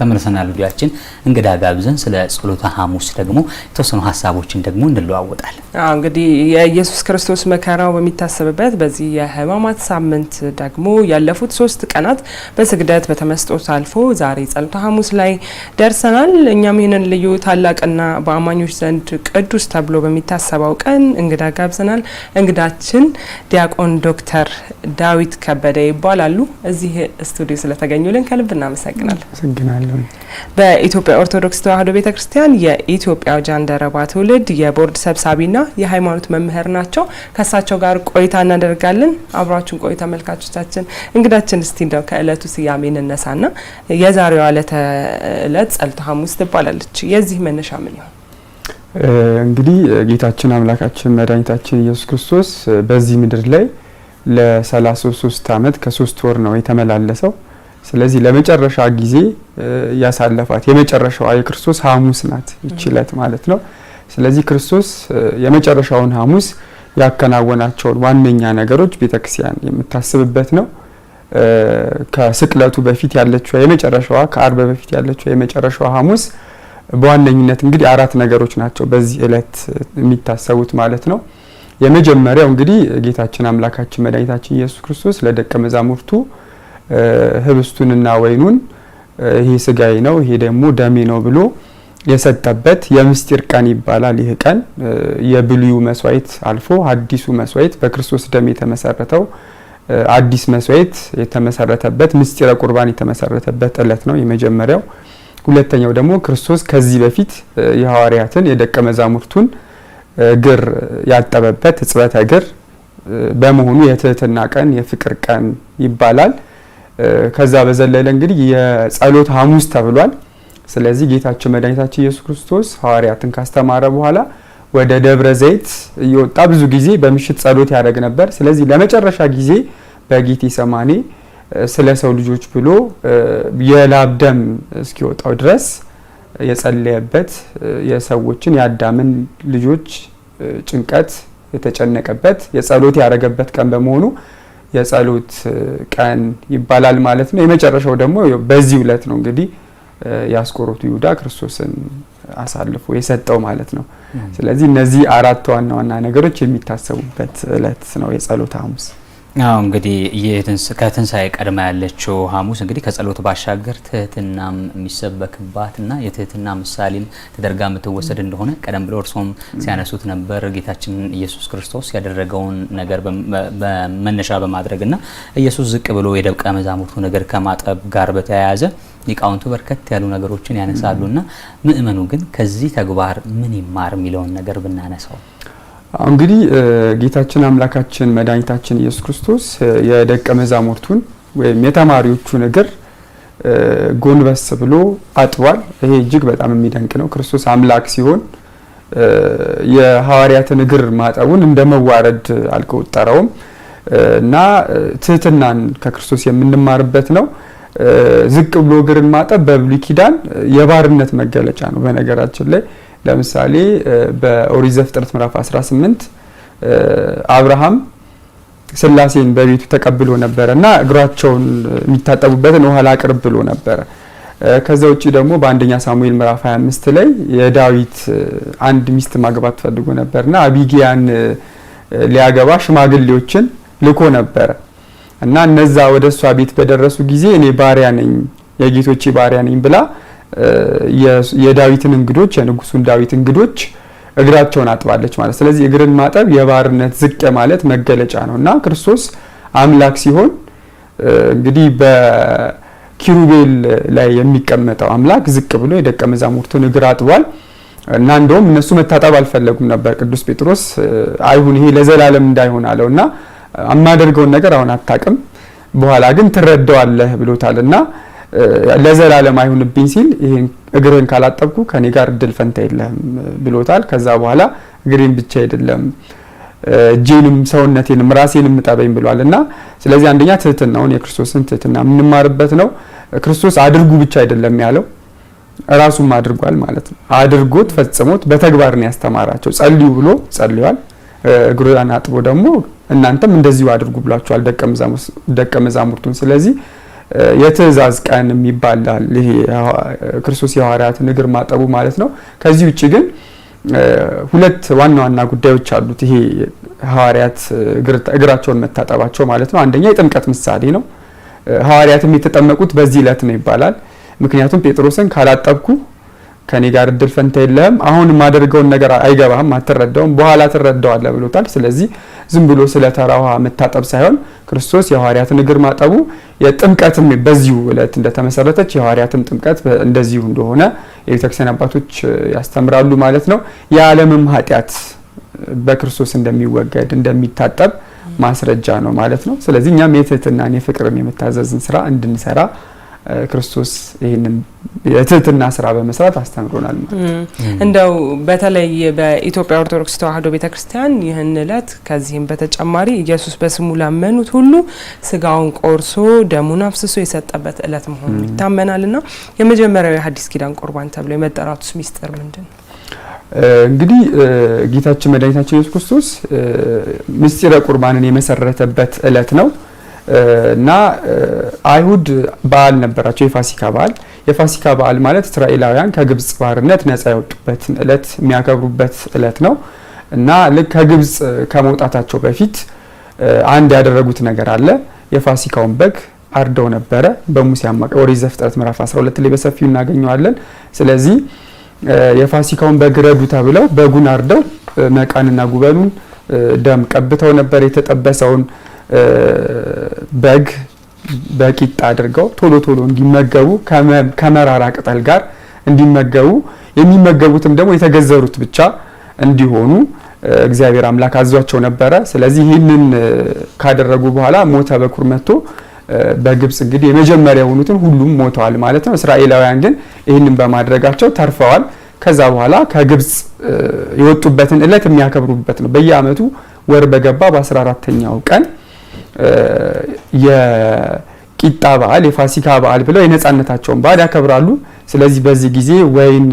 ተመልሰናል። ቪዲዮአችን እንግዳ ጋብዘን ስለ ጸሎተ ሐሙስ ደግሞ የተወሰኑ ሀሳቦችን ደግሞ እንለዋወጣል አዎ እንግዲህ የኢየሱስ ክርስቶስ መከራው በሚታሰብበት በዚህ የሕማማት ሳምንት ደግሞ ያለፉት ሶስት ቀናት በስግደት በተመስጦ አልፎ ዛሬ ጸሎተ ሐሙስ ላይ ደርሰናል። እኛም ይህንን ልዩ ታላቅና በአማኞች ዘንድ ቅዱስ ተብሎ በሚታሰበው ቀን እንግዳ ጋብዘናል። እንግዳችን ዲያቆን ዶክተር ዳዊት ከበደ ይባላሉ። እዚህ ስቱዲዮ ስለተገኙልን ከልብ እናመሰግናለን። አመሰግናለሁ። በኢትዮጵያ ኦርቶዶክስ ተዋሕዶ ቤተ ክርስቲያን የኢትዮጵያ ጃንደረባ ትውልድ የቦርድ ሰብሳቢና የሃይማኖት መምህር ናቸው። ከእሳቸው ጋር ቆይታ እናደርጋለን። አብራችን ቆይ ተመልካቾቻችን። እንግዳችን እስቲ እንደው ከእለቱ ስያሜ እንነሳና የዛሬዋ ዕለተ ዕለት ጸሎተ ሐሙስ ትባላለች። የዚህ መነሻ ምን ይሆን? እንግዲህ ጌታችን አምላካችን መድኃኒታችን ኢየሱስ ክርስቶስ በዚህ ምድር ላይ ለ33 ዓመት ከሶስት ወር ነው የተመላለሰው ስለዚህ ለመጨረሻ ጊዜ ያሳለፋት የመጨረሻዋ የክርስቶስ ሐሙስ ናት ይችለት ማለት ነው። ስለዚህ ክርስቶስ የመጨረሻውን ሐሙስ ያከናወናቸውን ዋነኛ ነገሮች ቤተክርስቲያን የምታስብበት ነው። ከስቅለቱ በፊት ያለችው የመጨረሻዋ ከአርብ በፊት ያለችው የመጨረሻዋ ሐሙስ በዋነኝነት እንግዲህ አራት ነገሮች ናቸው በዚህ እለት የሚታሰቡት ማለት ነው። የመጀመሪያው እንግዲህ ጌታችን አምላካችን መድኃኒታችን ኢየሱስ ክርስቶስ ለደቀ መዛሙርቱ ህብስቱንና ወይኑን ይሄ ስጋዬ ነው፣ ይሄ ደግሞ ደሜ ነው ብሎ የሰጠበት የምስጢር ቀን ይባላል። ይህ ቀን የብሉዩ መስዋዕት አልፎ አዲሱ መስዋዕት በክርስቶስ ደም የተመሰረተው አዲስ መስዋዕት የተመሰረተበት ምስጢረ ቁርባን የተመሰረተበት እለት ነው የመጀመሪያው። ሁለተኛው ደግሞ ክርስቶስ ከዚህ በፊት የሐዋርያትን የደቀ መዛሙርቱን እግር ያጠበበት ሕጽበተ እግር በመሆኑ የትህትና ቀን፣ የፍቅር ቀን ይባላል። ከዛ በዘለለ እንግዲህ የጸሎት ሐሙስ ተብሏል። ስለዚህ ጌታችን መድኃኒታችን ኢየሱስ ክርስቶስ ሐዋርያትን ካስተማረ በኋላ ወደ ደብረ ዘይት እየወጣ ብዙ ጊዜ በምሽት ጸሎት ያደረግ ነበር። ስለዚህ ለመጨረሻ ጊዜ በጌቴ ሰማኔ ስለ ሰው ልጆች ብሎ የላብ ደም እስኪወጣው ድረስ የጸለየበት የሰዎችን የአዳምን ልጆች ጭንቀት የተጨነቀበት የጸሎት ያደረገበት ቀን በመሆኑ የጸሎት ቀን ይባላል ማለት ነው። የመጨረሻው ደግሞ በዚህ ዕለት ነው እንግዲህ የአስቆሮቱ ይሁዳ ክርስቶስን አሳልፎ የሰጠው ማለት ነው። ስለዚህ እነዚህ አራት ዋና ዋና ነገሮች የሚታሰቡበት ዕለት ነው የጸሎት ሐሙስ። አዎ እንግዲህ ከትንሳኤ ቀድማ ያለችው ሐሙስ እንግዲህ ከጸሎት ባሻገር ትህትናም የሚሰበክባት እና የትህትና ምሳሌም ተደርጋ የምትወሰድ እንደሆነ ቀደም ብሎ እርሶም ሲያነሱት ነበር። ጌታችን ኢየሱስ ክርስቶስ ያደረገውን ነገር መነሻ በማድረግና ኢየሱስ ዝቅ ብሎ የደቀ መዛሙርቱ ነገር ከማጠብ ጋር በተያያዘ ሊቃውንቱ በርከት ያሉ ነገሮችን ያነሳሉና ምእመኑ ግን ከዚህ ተግባር ምን ይማር የሚለውን ነገር ብናነሳው እንግዲህ ጌታችን አምላካችን መድኃኒታችን ኢየሱስ ክርስቶስ የደቀ መዛሙርቱን ወይም የተማሪዎቹን እግር ጎንበስ ብሎ አጥቧል። ይሄ እጅግ በጣም የሚደንቅ ነው። ክርስቶስ አምላክ ሲሆን የሐዋርያትን እግር ማጠቡን እንደ መዋረድ አልቆጠረውም እና ትህትናን ከክርስቶስ የምንማርበት ነው። ዝቅ ብሎ እግርን ማጠብ በብሉይ ኪዳን የባርነት መገለጫ ነው። በነገራችን ላይ ለምሳሌ በኦሪት ዘፍጥረት ምዕራፍ 18 አብርሃም ስላሴን በቤቱ ተቀብሎ ነበረ እና እግራቸውን የሚታጠቡበትን ውሃ ላቅርብ ብሎ ነበረ። ከዛ ውጭ ደግሞ በአንደኛ ሳሙኤል ምዕራፍ 25 ላይ የዳዊት አንድ ሚስት ማግባት ፈልጎ ነበርና አቢጊያን ሊያገባ ሽማግሌዎችን ልኮ ነበረ እና እነዛ ወደ እሷ ቤት በደረሱ ጊዜ እኔ ባሪያ ነኝ የጌቶቼ ባሪያ ነኝ ብላ የዳዊትን እንግዶች የንጉሱን ዳዊት እንግዶች እግራቸውን አጥባለች ማለት። ስለዚህ እግርን ማጠብ የባርነት ዝቅ ማለት መገለጫ ነው እና ክርስቶስ አምላክ ሲሆን እንግዲህ በኪሩቤል ላይ የሚቀመጠው አምላክ ዝቅ ብሎ የደቀ መዛሙርቱን እግር አጥቧል እና እንደውም እነሱ መታጠብ አልፈለጉም ነበር። ቅዱስ ጴጥሮስ አይሁን ይሄ ለዘላለም እንዳይሆን አለው እና የማደርገውን ነገር አሁን አታቅም፣ በኋላ ግን ትረዳዋለህ ብሎታል እና ለዘላለም አይሁንብኝ ሲል ይሄን እግርህን ካላጠብኩ ከኔ ጋር እድል ፈንታ የለህም ብሎታል። ከዛ በኋላ እግሬን ብቻ አይደለም እጄንም ሰውነቴንም ራሴንም እጠበኝ ብሏል እና ስለዚህ አንደኛ ትህትናውን የክርስቶስን ትህትና የምንማርበት ነው። ክርስቶስ አድርጉ ብቻ አይደለም ያለው ራሱም አድርጓል ማለት ነው። አድርጎት ፈጽሞት በተግባር ነው ያስተማራቸው። ጸልዩ ብሎ ጸልዋል። እግሮን አጥቦ ደግሞ እናንተም እንደዚሁ አድርጉ ብሏቸዋል ደቀ መዛሙርቱን። ስለዚህ የትእዛዝ ቀን የሚባላል ይሄ ክርስቶስ የሐዋርያትን እግር ማጠቡ ማለት ነው። ከዚህ ውጭ ግን ሁለት ዋና ዋና ጉዳዮች አሉት። ይሄ ሐዋርያት እግራቸውን መታጠባቸው ማለት ነው። አንደኛ የጥምቀት ምሳሌ ነው። ሐዋርያትም የተጠመቁት በዚህ ዕለት ነው ይባላል። ምክንያቱም ጴጥሮስን ካላጠብኩ ከኔ ጋር እድል ፈንታ የለህም፣ አሁን የማደርገውን ነገር አይገባህም፣ አትረዳውም፣ በኋላ ትረዳዋለህ ብሎታል። ስለዚህ ዝም ብሎ ስለ ተራ ውሃ መታጠብ ሳይሆን ክርስቶስ የሐዋርያትን እግር ማጠቡ የጥምቀትም በዚሁ ዕለት እንደተመሰረተች የሐዋርያትም ጥምቀት እንደዚሁ እንደሆነ የቤተክርስቲያን አባቶች ያስተምራሉ ማለት ነው። የዓለምም ኃጢአት በክርስቶስ እንደሚወገድ እንደሚታጠብ ማስረጃ ነው ማለት ነው። ስለዚህ እኛም የትህትናን የፍቅርን የመታዘዝን ስራ እንድንሰራ ክርስቶስ ይህንን የትህትና ስራ በመስራት አስተምሮናል ማለት እንደው በተለይ በኢትዮጵያ ኦርቶዶክስ ተዋሕዶ ቤተ ክርስቲያን ይህን እለት ከዚህም በተጨማሪ ኢየሱስ በስሙ ላመኑት ሁሉ ስጋውን ቆርሶ ደሙን አፍስሶ የሰጠበት እለት መሆኑን ይታመናል እና የመጀመሪያው የሀዲስ ኪዳን ቁርባን ተብሎ የመጠራቱስ ሚስጥር ምንድን ነው? እንግዲህ ጌታችን መድኃኒታችን ኢየሱስ ክርስቶስ ምስጢረ ቁርባንን የመሰረተበት እለት ነው። እና አይሁድ በዓል ነበራቸው፣ የፋሲካ በዓል። የፋሲካ በዓል ማለት እስራኤላውያን ከግብፅ ባርነት ነፃ ያወጡበትን እለት የሚያከብሩበት እለት ነው እና ልክ ከግብፅ ከመውጣታቸው በፊት አንድ ያደረጉት ነገር አለ። የፋሲካውን በግ አርደው ነበረ በሙሴ አማካይ ኦሪት ዘፍጥረት ምዕራፍ 12 ላይ በሰፊው እናገኘዋለን። ስለዚህ የፋሲካውን በግ ረዱ ተብለው በጉን አርደው መቃንና ጉበኑን ደም ቀብተው ነበር የተጠበሰውን በግ በቂጣ አድርገው ቶሎ ቶሎ እንዲመገቡ ከመራራ ቅጠል ጋር እንዲመገቡ የሚመገቡትም ደግሞ የተገዘሩት ብቻ እንዲሆኑ እግዚአብሔር አምላክ አዟቸው ነበረ። ስለዚህ ይህንን ካደረጉ በኋላ ሞተ በኩር መጥቶ በግብፅ እንግዲህ የመጀመሪያ የሆኑትን ሁሉም ሞተዋል ማለት ነው። እስራኤላውያን ግን ይህንን በማድረጋቸው ተርፈዋል። ከዛ በኋላ ከግብፅ የወጡበትን እለት የሚያከብሩበት ነው። በየአመቱ ወር በገባ በ14ተኛው ቀን የቂጣ በዓል የፋሲካ በዓል ብለው የነፃነታቸውን በዓል ያከብራሉ። ስለዚህ በዚህ ጊዜ ወይን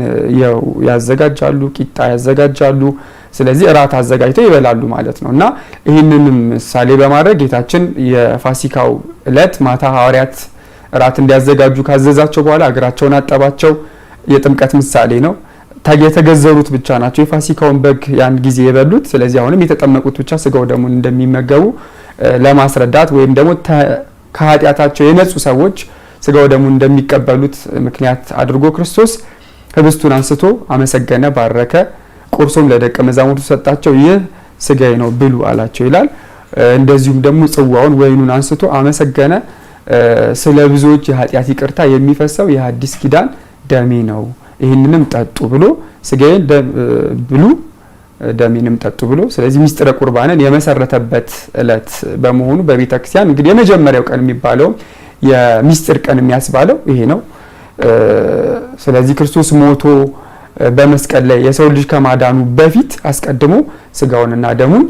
ያዘጋጃሉ፣ ቂጣ ያዘጋጃሉ። ስለዚህ እራት አዘጋጅተው ይበላሉ ማለት ነው እና ይህንንም ምሳሌ በማድረግ ጌታችን የፋሲካው እለት ማታ ሐዋርያት እራት እንዲያዘጋጁ ካዘዛቸው በኋላ እግራቸውን አጠባቸው። የጥምቀት ምሳሌ ነው። የተገዘሩት ብቻ ናቸው የፋሲካውን በግ ያን ጊዜ የበሉት። ስለዚህ አሁንም የተጠመቁት ብቻ ስጋው ደግሞ እንደሚመገቡ ለማስረዳት ወይም ደግሞ ከኃጢአታቸው የነጹ ሰዎች ስጋው ደግሞ እንደሚቀበሉት ምክንያት አድርጎ ክርስቶስ ህብስቱን አንስቶ አመሰገነ፣ ባረከ፣ ቁርሶም ለደቀ መዛሙርቱ ሰጣቸው። ይህ ስጋዬ ነው ብሉ አላቸው ይላል። እንደዚሁም ደግሞ ጽዋውን ወይኑን አንስቶ አመሰገነ፣ ስለ ብዙዎች የኃጢአት ይቅርታ የሚፈሰው የአዲስ ኪዳን ደሜ ነው፣ ይህንንም ጠጡ ብሎ ስጋዬን ብሉ ደሜንም ጠጡ ብሎ ስለዚህ ሚስጥረ ቁርባንን የመሰረተበት እለት በመሆኑ በቤተ ክርስቲያን እንግዲህ የመጀመሪያው ቀን የሚባለውም የሚስጥር ቀን የሚያስባለው ይሄ ነው። ስለዚህ ክርስቶስ ሞቶ በመስቀል ላይ የሰው ልጅ ከማዳኑ በፊት አስቀድሞ ስጋውንና ደሙን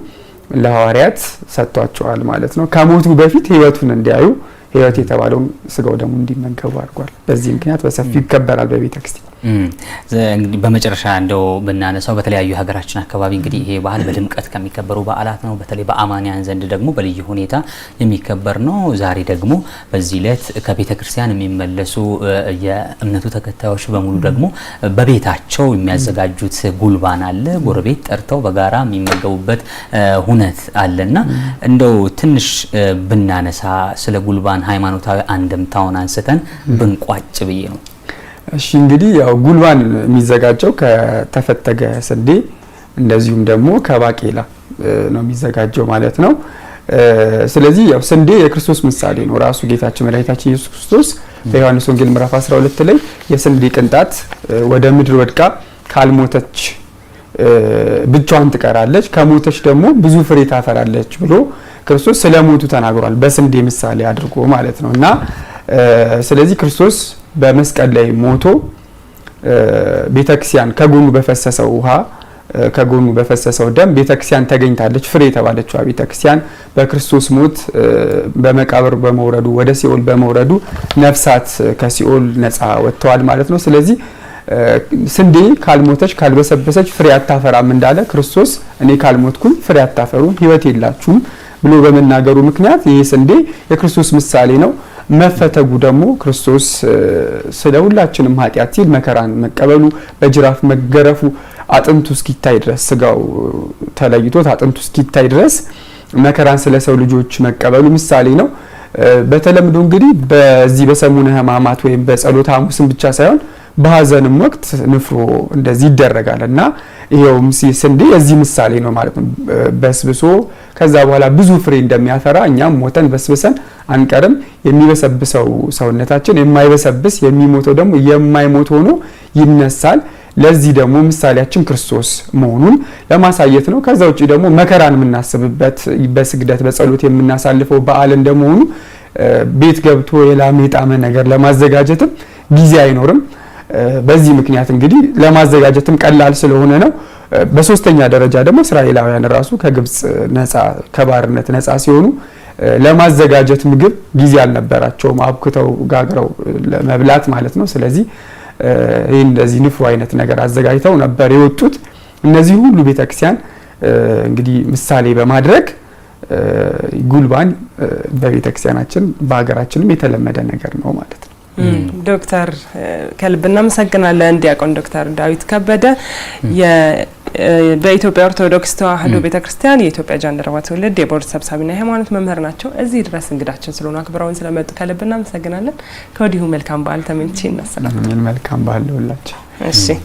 ለሐዋርያት ሰጥቷቸዋል ማለት ነው። ከሞቱ በፊት ህይወቱን እንዲያዩ ህይወት የተባለውን ስጋው ደሙን እንዲመገቡ አድርጓል። በዚህ ምክንያት በሰፊው ይከበራል ክርስቲያን። በመጨረሻ እንደው ብናነሳው በተለያዩ የሀገራችን አካባቢ እንግዲህ ይሄ ባህል በድምቀት ከሚከበሩ በዓላት ነው። በተለይ በአማንያን ዘንድ ደግሞ በልዩ ሁኔታ የሚከበር ነው። ዛሬ ደግሞ በዚህ ዕለት ከቤተ ክርስቲያን የሚመለሱ የእምነቱ ተከታዮች በሙሉ ደግሞ በቤታቸው የሚያዘጋጁት ጉልባን አለ፣ ጎረቤት ጠርተው በጋራ የሚመገቡበት ሁነት አለና እንደው ትንሽ ብናነሳ ስለ ጉልባን ሃይማኖታዊ አንድምታውን አንስተን ብንቋጭ ብዬ ነው። እሺ እንግዲህ ያው ጉልባን የሚዘጋጀው ከተፈተገ ስንዴ እንደዚሁም ደግሞ ከባቄላ ነው የሚዘጋጀው ማለት ነው። ስለዚህ ያው ስንዴ የክርስቶስ ምሳሌ ነው። ራሱ ጌታችን መድኃኒታችን ኢየሱስ ክርስቶስ በዮሐንስ ወንጌል ምዕራፍ 12 ላይ የስንዴ ቅንጣት ወደ ምድር ወድቃ ካልሞተች ብቻዋን ትቀራለች፣ ከሞተች ደግሞ ብዙ ፍሬ ታፈራለች ብሎ ክርስቶስ ስለ ሞቱ ተናግሯል። በስንዴ ምሳሌ አድርጎ ማለት ነው እና ስለዚህ ክርስቶስ በመስቀል ላይ ሞቶ ቤተክርስቲያን ከጎኑ በፈሰሰው ውሃ ከጎኑ በፈሰሰው ደም ቤተክርስቲያን ተገኝታለች። ፍሬ የተባለችዋ ቤተክርስቲያን በክርስቶስ ሞት በመቃብር በመውረዱ ወደ ሲኦል በመውረዱ ነፍሳት ከሲኦል ነፃ ወጥተዋል ማለት ነው። ስለዚህ ስንዴ ካልሞተች ካልበሰበሰች ፍሬ አታፈራም እንዳለ ክርስቶስ እኔ ካልሞትኩኝ ፍሬ አታፈሩም፣ ሕይወት የላችሁም ብሎ በመናገሩ ምክንያት ይህ ስንዴ የክርስቶስ ምሳሌ ነው። መፈተጉ ደግሞ ክርስቶስ ስለ ሁላችንም ኃጢአት ሲል መከራን መቀበሉ በጅራፍ መገረፉ አጥንቱ እስኪታይ ድረስ ስጋው ተለይቶት አጥንቱ እስኪታይ ድረስ መከራን ስለ ሰው ልጆች መቀበሉ ምሳሌ ነው። በተለምዶ እንግዲህ በዚህ በሰሙነ ሕማማት ወይም በጸሎተ ሐሙስን ብቻ ሳይሆን በሐዘንም ወቅት ንፍሮ እንደዚህ ይደረጋል እና ይሄውም ስንዴ የዚህ ምሳሌ ነው ማለት ነው። በስብሶ ከዛ በኋላ ብዙ ፍሬ እንደሚያፈራ እኛም ሞተን በስብሰን አንቀርም። የሚበሰብሰው ሰውነታችን የማይበሰብስ የሚሞተው ደግሞ የማይሞት ሆኖ ይነሳል። ለዚህ ደግሞ ምሳሌያችን ክርስቶስ መሆኑን ለማሳየት ነው። ከዛ ውጭ ደግሞ መከራን የምናስብበት በስግደት በጸሎት የምናሳልፈው በዓል እንደመሆኑ ቤት ገብቶ የላም የጣመ ነገር ለማዘጋጀትም ጊዜ አይኖርም። በዚህ ምክንያት እንግዲህ ለማዘጋጀትም ቀላል ስለሆነ ነው። በሶስተኛ ደረጃ ደግሞ እስራኤላውያን ራሱ ከግብፅ ነፃ ከባርነት ነፃ ሲሆኑ ለማዘጋጀት ምግብ ጊዜ አልነበራቸውም፣ አብክተው ጋግረው ለመብላት ማለት ነው። ስለዚህ ይህ እንደዚህ ንፉ አይነት ነገር አዘጋጅተው ነበር የወጡት። እነዚህ ሁሉ ቤተክርስቲያን እንግዲህ ምሳሌ በማድረግ ጉልባን በቤተክርስቲያናችን በሀገራችንም የተለመደ ነገር ነው ማለት ነው። ዶክተር ከልብ እናመሰግናለን። ዲያቆን ዶክተር ዳዊት ከበደ በኢትዮጵያ ኦርቶዶክስ ተዋሕዶ ቤተክርስቲያን የኢትዮጵያ ጃንደረባ ትውልድ የቦርድ ሰብሳቢና የሃይማኖት መምህር ናቸው። እዚህ ድረስ እንግዳችን ስለሆኑ አክብረውን ስለመጡ ከልብ እናመሰግናለን። ከወዲሁ መልካም በዓል ተመኝቼ እናሰላለን። መልካም በዓል ለሁላችሁ። እሺ